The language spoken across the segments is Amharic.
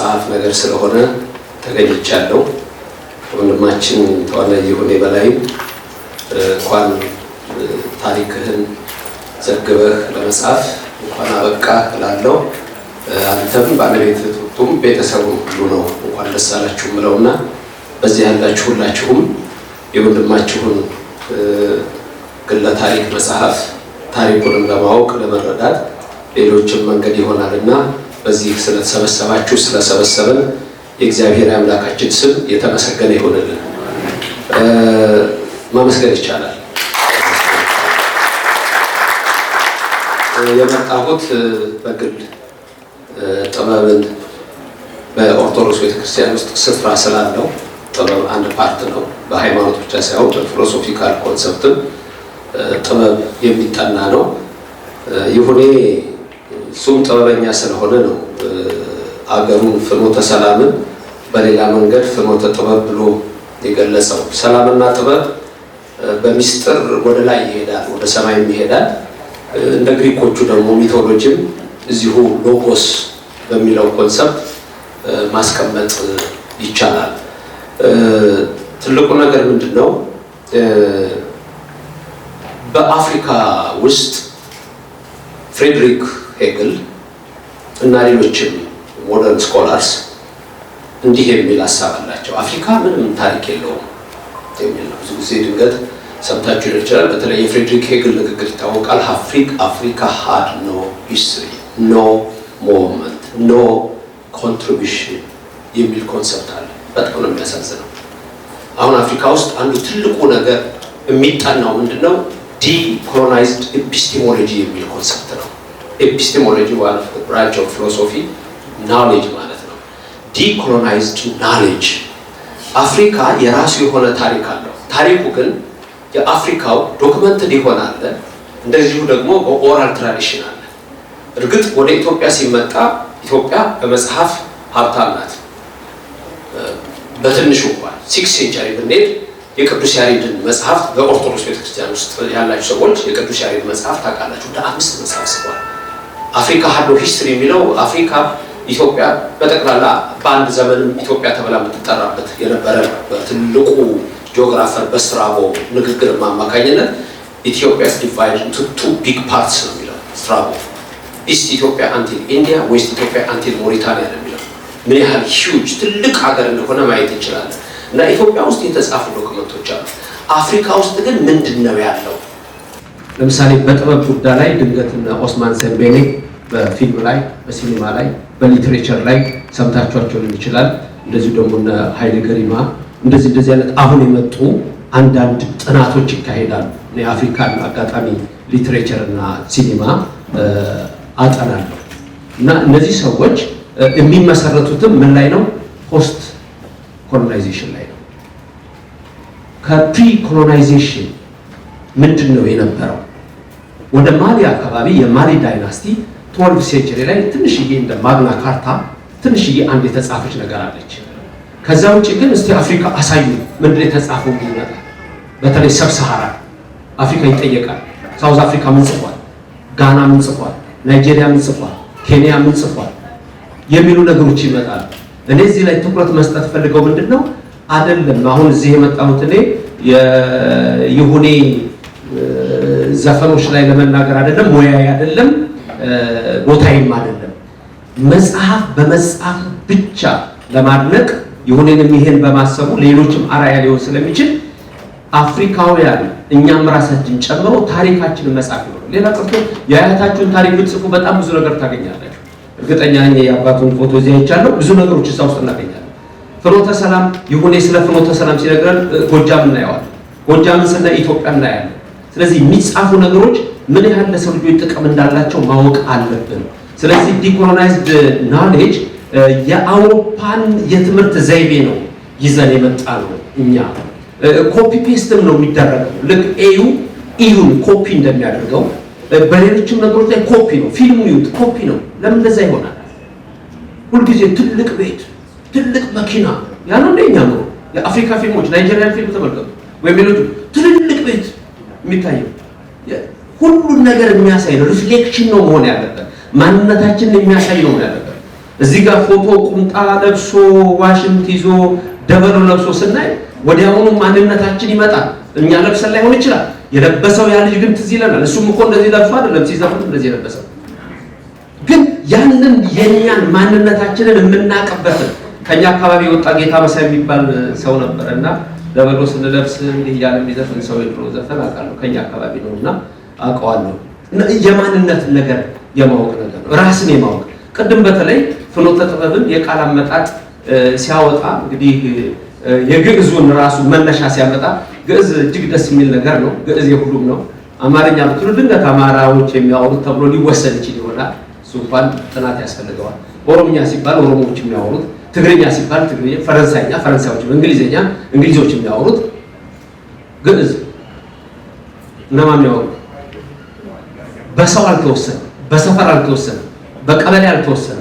ሰዓት ነገር ስለሆነ ተገኝቻለሁ። ወንድማችን ተዋናይ ይሁኔ በላይ እንኳን ታሪክህን ዘግበህ ለመጻፍ እንኳን አበቃ እላለሁ። አንተም ባለቤትቱም ቤተሰቡ ሁሉ ነው እንኳን ደስ አላችሁ ብለውና በዚህ ያላችሁ ሁላችሁም የወንድማችሁን ግለ ታሪክ መጽሐፍ ታሪኩንም ለማወቅ ለመረዳት ሌሎችን መንገድ እና በዚህ ስለተሰበሰባችሁ ስለሰበሰበን የእግዚአብሔር አምላካችን ስም የተመሰገነ ይሆንልን። ማመስገን ይቻላል። የመጣሁት በግል ጥበብን በኦርቶዶክስ ቤተክርስቲያን ውስጥ ስፍራ ስላለው ጥበብ አንድ ፓርት ነው። በሃይማኖት ብቻ ሳይሆን በፊሎሶፊካል ኮንሰፕትም ጥበብ የሚጠና ነው። ይሁኔ እሱም ጥበበኛ ስለሆነ ነው አገሩን ፍኖተ ሰላምን በሌላ መንገድ ፍኖተ ጥበብ ብሎ የገለጸው። ሰላምና ጥበብ በሚስጥር ወደ ላይ ይሄዳል፣ ወደ ሰማይም ይሄዳል። እንደ ግሪኮቹ ደግሞ ሚቶሎጂም እዚሁ ሎጎስ በሚለው ኮንሰፕት ማስቀመጥ ይቻላል። ትልቁ ነገር ምንድን ነው? በአፍሪካ ውስጥ ፍሬድሪክ ሄግል እና ሌሎችም ሞደርን ስኮላርስ እንዲህ የሚል ሀሳብ አላቸው። አፍሪካ ምንም ታሪክ የለውም የሚል ነው። ብዙ ጊዜ ድንገት ሰምታችሁ ሊሆን ይችላል። በተለይ የፍሬድሪክ ሄግል ንግግር ይታወቃል። አፍሪክ አፍሪካ ሀድ ኖ ሂስትሪ ኖ ሞመንት ኖ ኮንትሪቢሽን የሚል ኮንሰፕት አለ። በጣም ነው የሚያሳዝነው። አሁን አፍሪካ ውስጥ አንዱ ትልቁ ነገር የሚጠናው ምንድነው? ዲኮሎናይዝድ ኢፒስቴሞሎጂ የሚል ኮንሰፕት ነው። ኤፒስቴሞሎጂ ብራንች ኦፍ ፊሎሶፊ ናውሌጅ ማለት ነው። ዲኮሎናይዝድ ናውሌጅ አፍሪካ የራሱ የሆነ ታሪክ አለው። ታሪኩ ግን የአፍሪካው ዶክመንትድ የሆነ አለ፣ እንደዚሁ ደግሞ በኦራል ትራዲሽን አለ። እርግጥ ወደ ኢትዮጵያ ሲመጣ ኢትዮጵያ በመጽሐፍ ሀብታም ናት። በትንሹ እንኳን ሲክስ ሴንቸሪ ብንሄድ የቅዱስ ያሬድን መጽሐፍት በኦርቶዶክስ ቤተክርስቲያን ውስጥ ያላችሁ ሰዎች የቅዱስ ያሬድ መጽሐፍ ታውቃላችሁ። ወደ አምስት መጽሐፍ ስቧል። አፍሪካ ሀዶ ሂስትሪ የሚለው አፍሪካ ኢትዮጵያ በጠቅላላ በአንድ ዘመንም ኢትዮጵያ ተብላ የምትጠራበት የነበረ ትልቁ በትልቁ ጂኦግራፈር በስትራቦ ንግግር አማካኝነት ኢትዮጵያ ዲቫይድ ቱ ቢግ ፓርትስ ነው የሚለው ስትራቦ። ኢስት ኢትዮጵያ አንቲል ኢንዲያ፣ ዌስት ኢትዮጵያ አንቲል ሞሪታኒያ ነው የሚለው። ምን ያህል ሂውጅ ትልቅ ሀገር እንደሆነ ማየት እንችላለን። እና ኢትዮጵያ ውስጥ የተጻፉ ዶክመንቶች አሉ። አፍሪካ ውስጥ ግን ምንድን ነው ያለው? ለምሳሌ በጥበብ ጉዳይ ላይ ድንገትና ኦስማን ሰንቤኔ በፊልም ላይ በሲኒማ ላይ በሊትሬቸር ላይ ሰምታችኋቸው ሊሆን ይችላል። እንደዚሁ ደግሞ ኃይሌ ገሪማ እንደዚህ እንደዚህ አይነት አሁን የመጡ አንዳንድ ጥናቶች ይካሄዳሉ። የአፍሪካን አጋጣሚ ሊትሬቸር እና ሲኒማ አጠናለሁ እና እነዚህ ሰዎች የሚመሰረቱትም ምን ላይ ነው? ፖስት ኮሎናይዜሽን ላይ ነው። ከፕሪ ኮሎናይዜሽን ምንድን ነው የነበረው? ወደ ማሊ አካባቢ የማሊ ዳይናስቲ ትወልቭ ሴንቸሪ ላይ ትንሽዬ እንደ ማግና ካርታ ትንሽዬ አንድ የተጻፈች ነገር አለች። ከዛ ውጭ ግን እስቲ አፍሪካ አሳዩ ምንድን የተጻፈው ይመጣል። በተለይ ሰብ ሰሃራ አፍሪካ ይጠየቃል። ሳውዝ አፍሪካ ምን ጽፏል፣ ጋና ምን ጽፏል፣ ናይጄሪያ ምን ጽፏል፣ ኬንያ ምን ጽፏል የሚሉ ነገሮች ይመጣሉ። እኔ እዚህ ላይ ትኩረት መስጠት ፈልገው ምንድን ነው አይደለም አሁን እዚህ የመጣሁት እኔ የይሁኔ ዘፈኖች ላይ ለመናገር አይደለም፣ ሙያ አይደለም፣ ቦታይም አይደለም። መጽሐፍ በመጽሐፍ ብቻ ለማድነቅ ይሁንንም ይሄን በማሰቡ ሌሎችም አራያ ሊሆን ስለሚችል አፍሪካውያን እኛም ራሳችን ጨምሮ ታሪካችንን መጻፍ ነው። ሌላ ቀርቶ የአያታችሁን ታሪክ ብትጽፉ በጣም ብዙ ነገር ታገኛላችሁ። እርግጠኛ ነኝ የአባቱን ፎቶ እዚህ አይቻለሁ። ብዙ ነገሮች እዛ ውስጥ እናገኛለን። ፍኖተ ሰላም ይሁኔ ስለ ፍኖተ ሰላም ሲነግረን ጎጃም እናየዋለን። ጎጃምን ስናይ ኢትዮጵያ እናያለን። ስለዚህ የሚጻፉ ነገሮች ምን ያህል ለሰው ልጆች ጥቅም እንዳላቸው ማወቅ አለብን። ስለዚህ ዲኮሎናይዝድ ናሌጅ የአውሮፓን የትምህርት ዘይቤ ነው ይዘን የመጣ ነው። እኛ ኮፒ ፔስትም ነው የሚደረገው። ልክ ኤዩ ኢዩን ኮፒ እንደሚያደርገው በሌሎችም ነገሮች ላይ ኮፒ ነው። ፊልሙ ይዩት ኮፒ ነው። ለምን እንደዛ ይሆናል? ሁልጊዜ ትልቅ ቤት፣ ትልቅ መኪና ያለው እንደኛ ነው። የአፍሪካ ፊልሞች ናይጄሪያን ፊልም ተመልከቱ፣ ወይም ሌሎቹ ትልልቅ ቤት የሚታየው ሁሉን ነገር የሚያሳይ ነው። ሪፍሌክሽን ነው መሆን ያለበት፣ ማንነታችንን የሚያሳይ ነው መሆን ያለበት። እዚህ ጋር ፎቶ ቁምጣ ለብሶ ዋሽንት ይዞ ደበሎ ለብሶ ስናይ ወዲያውኑ ማንነታችን ይመጣል። እኛ ለብሰን ላይሆን ይችላል። የለበሰው ያ ልጅ ግን ትዝ ይለናል። እሱም እኮ እንደዚህ ለብሶ አይደለም ሲዘፍን እንደዚህ የለበሰው ግን ያንን የእኛን ማንነታችንን የምናውቅበት ከኛ አካባቢ የወጣ ጌታ መሳይ የሚባል ሰው ነበር እና ለበሎ ስንለብስ እንዲህ እያለ የሚዘፍን ሰው የድሮ ዘፈን አውቃለሁ፣ ከኛ አካባቢ ነው እና አውቀዋለሁ። የማንነትን ነገር የማወቅ ነገር ነው፣ ራስን የማወቅ ቅድም በተለይ ፍኖተ ጥበብን የቃል አመጣጥ ሲያወጣ እንግዲህ የግዕዙን ራሱ መነሻ ሲያመጣ ግዕዝ እጅግ ደስ የሚል ነገር ነው። ግዕዝ የሁሉም ነው። አማርኛ ብትሉ ድንገት አማራዎች የሚያወሩት ተብሎ ሊወሰድ ይችል ይሆናል። እሱ እንኳን ጥናት ያስፈልገዋል። ኦሮምኛ ሲባል ኦሮሞዎች የሚያወሩት ትግርኛ ሲባል ትግርኛ፣ ፈረንሳይኛ ፈረንሳዮች፣ እንግሊዝኛ እንግሊዞች የሚያወሩት ግዕዝ እነማን የሚያወሩ በሰው አልተወሰነ፣ በሰፈር አልተወሰነ፣ በቀበሌ አልተወሰነ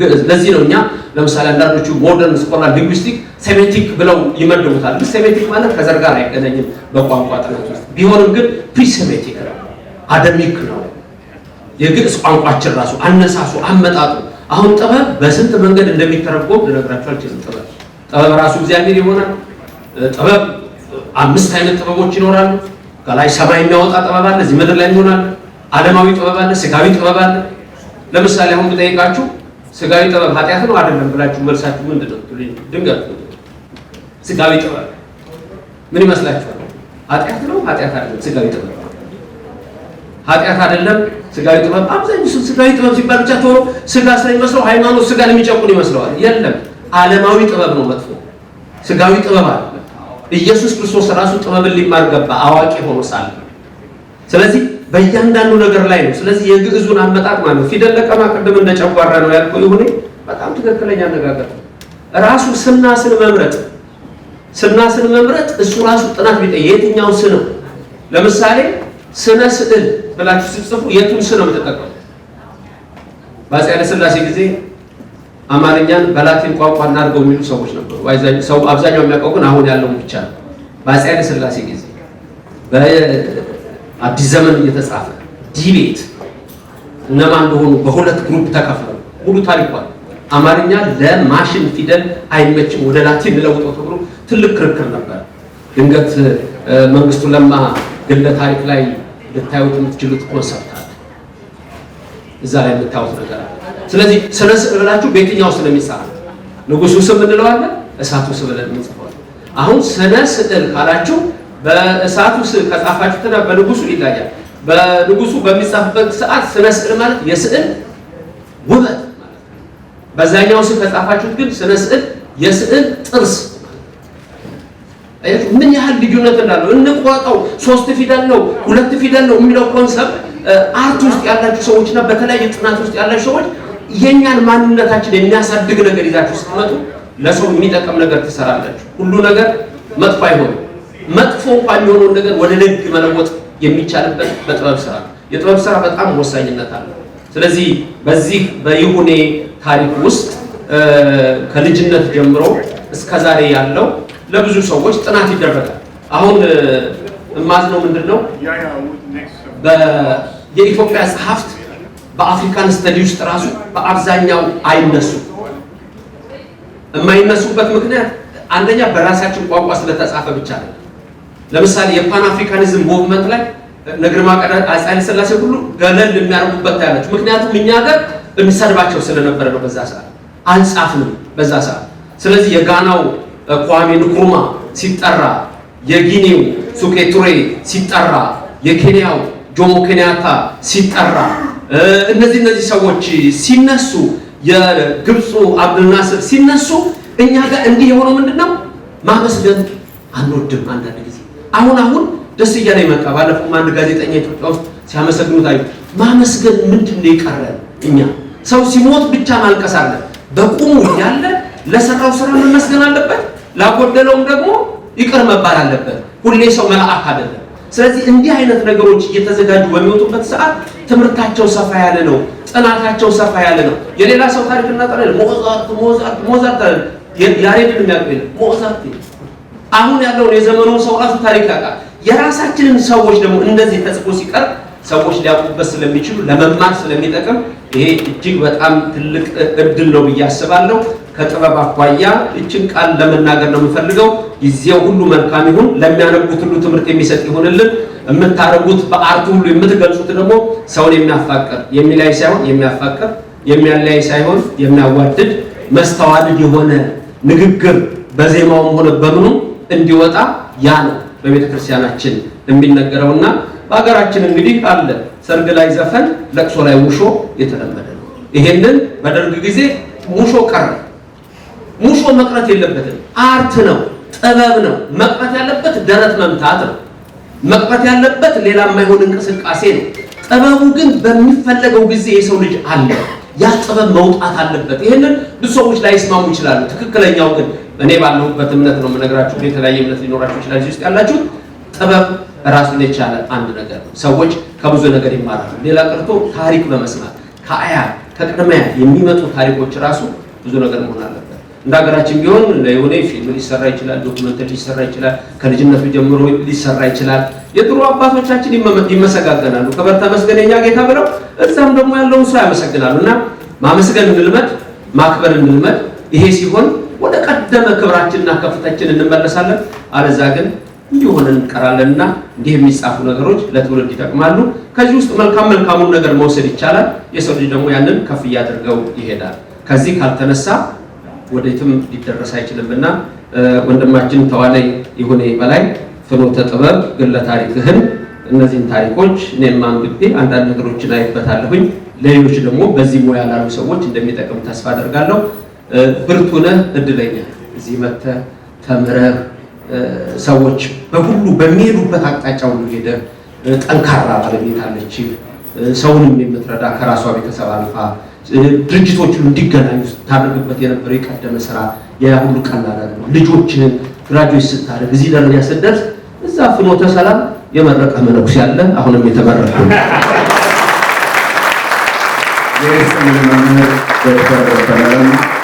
ግዕዝ። ለዚህ ነው እኛ ለምሳሌ አንዳንዶቹ ሞደርን ስኮላር ሊንጉስቲክ ሴሜቲክ ብለው ይመድቡታል። ሴሜቲክ ማለት ከዘር ጋር አይገናኝም በቋንቋ ጥናት ውስጥ ቢሆንም ግን ፕሪሴሜቲክ ነው፣ አደሚክ ነው። የግዕዝ ቋንቋችን ራሱ አነሳሱ አመጣጡ አሁን ጥበብ በስንት መንገድ እንደሚተረጎም ልነግራችሁ አልችልም። ጥበብ ጥበብ ራሱ እግዚአብሔር ይሆናል። ጥበብ አምስት አይነት ጥበቦች ይኖራሉ። ከላይ ሰማይ የሚያወጣ ጥበብ አለ፣ እዚህ ምድር ላይ ይሆናል። ዓለማዊ ጥበብ አለ፣ ስጋዊ ጥበብ አለ። ለምሳሌ አሁን ብጠይቃችሁ ስጋዊ ጥበብ ኃጢአት ነው አይደለም ብላችሁ መልሳችሁ ምንድን ነው? ድንገት ስጋዊ ጥበብ ምን ይመስላችኋል? ኃጢአት ነው ኃጢአት አይደለም? ስጋዊ ጥበብ ኃጢአት አይደለም ስጋዊ ጥበብ። አብዛኛው ስጋዊ ጥበብ ሲባል ብቻ ቶሎ ስጋ ስለሚመስለው ሃይማኖት ስጋን የሚጨቁን ይመስለዋል። የለም ዓለማዊ ጥበብ ነው መጥፎ፣ ስጋዊ ጥበብ አይደለም። ኢየሱስ ክርስቶስ ራሱ ጥበብን ሊማር ገባ አዋቂ ሆኖ ሳለ። ስለዚህ በእያንዳንዱ ነገር ላይ ነው። ስለዚህ የግዕዙን አመጣጥ ማለት ፊደል ለቀማ ቅድም እንደ ነው ያልኩህ ይሁኔ በጣም ትክክለኛ አነጋገር ራሱ ስናስን መምረጥ ስን መምረጥ እሱ ራሱ ጥናት ቢጠይቅ የትኛው ስነው ለምሳሌ ስነ ስዕል ብላችሁ ስትጽፉ የቱን ስ ነው የምትጠቀሙ? በአፄ ስላሴ ጊዜ አማርኛን በላቲን ቋንቋ እናድርገው የሚሉ ሰዎች ነበሩ። አብዛኛው የሚያውቀው ግን አሁን ያለውን ብቻ ነው። በአፄ ስላሴ ጊዜ በአዲስ ዘመን እየተጻፈ ዲቤት እነማን እንደሆኑ በሁለት ግሩፕ ተከፍለው ሙሉ ታሪኳል። አማርኛ ለማሽን ፊደል አይመችም፣ ወደ ላቲን ለውጠው ተብሎ ትልቅ ክርክር ነበር። ድንገት መንግስቱ ለማ ግለ ታሪክ ላይ ልታዩት የምትችሉት ኮንሰርት አለ። እዛ ላይ የምታዩት ነገር አለ። ስለዚህ ስነ ስዕላችሁ በየትኛው ስለሚሰራ ንጉሱ ስም እንለዋለን፣ እሳቱ ስም ብለን እንጽፈዋለን። አሁን ስነ ስዕል ካላችሁ በእሳቱ ስዕል ከጻፋችሁትና በንጉሱ ይለያል። በንጉሱ በሚጻፍበት ሰዓት ስነ ስዕል ማለት የስዕል ውበት ማለት ነው። በዛኛው ስም ከጻፋችሁት ግን ስነ ስዕል የስዕል ጥርስ ምን ያህል ልዩነት እንዳለው እንቆጠው። ሶስት ፊደል ነው ሁለት ፊደል ነው የሚለው ኮንሰፕት አርት ውስጥ ያላችሁ ሰዎች እና በተለያየ ጥናት ውስጥ ያላችሁ ሰዎች የእኛን ማንነታችን የሚያሳድግ ነገር ይዛችሁ ስትመጡ ለሰው የሚጠቀም ነገር ትሰራለች ሁሉ ነገር መጥፎ አይሆንም። መጥፎ እንኳን የሚሆነውን ነገር ወደ ደግ መለወጥ የሚቻልበት በጥበብ ስራ የጥበብ ስራ በጣም ወሳኝነት አለው። ስለዚህ በዚህ በይሁኔ ታሪክ ውስጥ ከልጅነት ጀምሮ እስከ ዛሬ ያለው ለብዙ ሰዎች ጥናት ይደረጋል። አሁን እማዝነው ምንድን ነው የኢትዮጵያ ጸሐፍት በአፍሪካን ስተዲ ውስጥ ራሱ በአብዛኛው አይነሱ። የማይነሱበት ምክንያት አንደኛ በራሳችን ቋንቋ ስለተጻፈ ብቻ ነው። ለምሳሌ የፓን አፍሪካኒዝም ሙቭመንት ላይ ነግርማ ቀዳማዊ ኃይለ ስላሴ ሁሉ ገለል የሚያርጉበት ታያለች። ምክንያቱም እኛ ጋር እንሰድባቸው ስለነበረ ነው። በዛ ሰዓት አልጻፍንም። በዛ ሰዓት ስለዚህ የጋናው ኳሜ ንኩሩማ ሲጠራ፣ የጊኒው ሱቄቱሬ ሲጠራ፣ የኬንያው ጆሞ ኬንያታ ሲጠራ፣ እነዚህ እነዚህ ሰዎች ሲነሱ፣ የግብፁ አብዱልናስር ሲነሱ፣ እኛ ጋር እንዲህ የሆነው ምንድን ነው? ማመስገን አንወድም። አንዳንድ ጊዜ አሁን አሁን ደስ እያለ ይመጣ። ባለፈው አንድ ጋዜጠኛ ኢትዮጵያ ውስጥ ሲያመሰግኑት አይ ማመስገን ምንድን ነው የቀረን? እኛ ሰው ሲሞት ብቻ ማልቀስ አለ። በቁሙ እያለ ለሰራው ስራ መመስገን አለበት። ላጎደለውም ደግሞ ይቅር መባል አለበት። ሁሌ ሰው መልአክ አይደለም። ስለዚህ እንዲህ አይነት ነገሮች እየተዘጋጁ በሚወጡበት ሰዓት ትምህርታቸው ሰፋ ያለ ነው፣ ጥናታቸው ሰፋ ያለ ነው። የሌላ ሰው ታሪክና ጠለ ሞዛርት ሞዛርት ሞዛርት ያሬድን የሚያውቅ የለም ሞዛርት አሁን ያለውን የዘመኑ ሰው ራሱ ታሪክ ያውቃል። የራሳችንን ሰዎች ደግሞ እንደዚህ ተጽፎ ሲቀርብ ሰዎች ሊያውቁበት ስለሚችሉ ለመማር ስለሚጠቅም ይሄ እጅግ በጣም ትልቅ እድል ነው ብዬ አስባለሁ። ከጥበብ አኳያ እችን ቃል ለመናገር ነው የምፈልገው። ጊዜው ሁሉ መልካም ይሁን። ለሚያነቡት ሁሉ ትምህርት የሚሰጥ ይሁንልን። የምታረጉት በአርቱ ሁሉ የምትገልጹት ደግሞ ሰውን የሚያፋቅር የሚለያይ ሳይሆን የሚያፋቅር የሚያለያይ ሳይሆን የሚያዋድድ መስተዋድድ የሆነ ንግግር በዜማውም ሆነ በምኑ እንዲወጣ ያ ነው በቤተ ክርስቲያናችን የሚነገረውና በሀገራችን እንግዲህ አለ ሰርግ ላይ ዘፈን፣ ለቅሶ ላይ ውሾ የተለመደ ነው። ይሄንን በደርግ ጊዜ ሙሾ ቀረ። ሙሾ መቅረት የለበትም። አርት ነው፣ ጥበብ ነው። መቅረት ያለበት ደረት መምታት ነው። መቅረት ያለበት ሌላ የማይሆን እንቅስቃሴ ነው። ጥበቡ ግን በሚፈለገው ጊዜ የሰው ልጅ አለ። ያ ጥበብ መውጣት አለበት። ይህንን ብዙ ሰዎች ላይስማሙ ይችላሉ። ትክክለኛው ግን እኔ ባለሁበት እምነት ነው የምነግራችሁ። የተለያየ እምነት ሊኖራችሁ ይችላል እዚህ ውስጥ ያላችሁ። ጥበብ ራሱን የቻለ አንድ ነገር ነው። ሰዎች ከብዙ ነገር ይማራሉ። ሌላ ቀርቶ ታሪክ በመስማት ከአያት ከቅድመ አያት የሚመጡ ታሪኮች ራሱ ብዙ ነገር መሆን አለ እንደ ሀገራችን ቢሆን የሆነ ፊልም ሊሰራ ይችላል፣ ዶክመንተሪ ሊሰራ ይችላል፣ ከልጅነቱ ጀምሮ ሊሰራ ይችላል። የድሮ አባቶቻችን ይመሰጋገናሉ፣ ከበር ተመስገን የኛ ጌታ ብለው እዛም ደግሞ ያለውን ሰው ያመሰግናሉ። እና ማመስገን እንልመድ፣ ማክበር እንልመድ። ይሄ ሲሆን ወደ ቀደመ ክብራችንና ከፍታችን እንመለሳለን። አለዛ ግን እንቀራለን። እንቀራለንና እንዲህ የሚጻፉ ነገሮች ለትውልድ ይጠቅማሉ። ከዚህ ውስጥ መልካም መልካሙን ነገር መውሰድ ይቻላል። የሰው ልጅ ደግሞ ያንን ከፍ እያደርገው ይሄዳል። ከዚህ ካልተነሳ ወደትም ሊደረስ አይችልምና ወንድማችን ተዋናይ ይሁኔ በላይ ፍኖተ ጥበብ ግለ ታሪክህን እነዚህን ታሪኮች እኔም አንብቤ አንዳንድ ነገሮችን አይበታለሁኝ። ለሌሎች ደግሞ በዚህ ሙያ ላሉ ሰዎች እንደሚጠቅም ተስፋ አደርጋለሁ። ብርቱ ነህ፣ እድለኛ እዚህ መጥተህ ተምረህ ሰዎች በሁሉ በሚሄዱበት አቅጣጫ ሁሉ ሄደ ጠንካራ ባለቤት አለች። ሰውንም የምትረዳ ከራሷ ቤተሰብ አልፋ ድርጅቶቹ እንዲገናኙ ስታደርግበት የነበረ የቀደመ ስራ የሁሉ ቀላል አይደለም። ልጆችህን ግራጁዌት ስታደርግ እዚህ ደረጃ ስትደርስ እዛ ፍኖተ ሰላም የመረቀ መነኩስ ያለ አሁንም የተመረቀ ነው።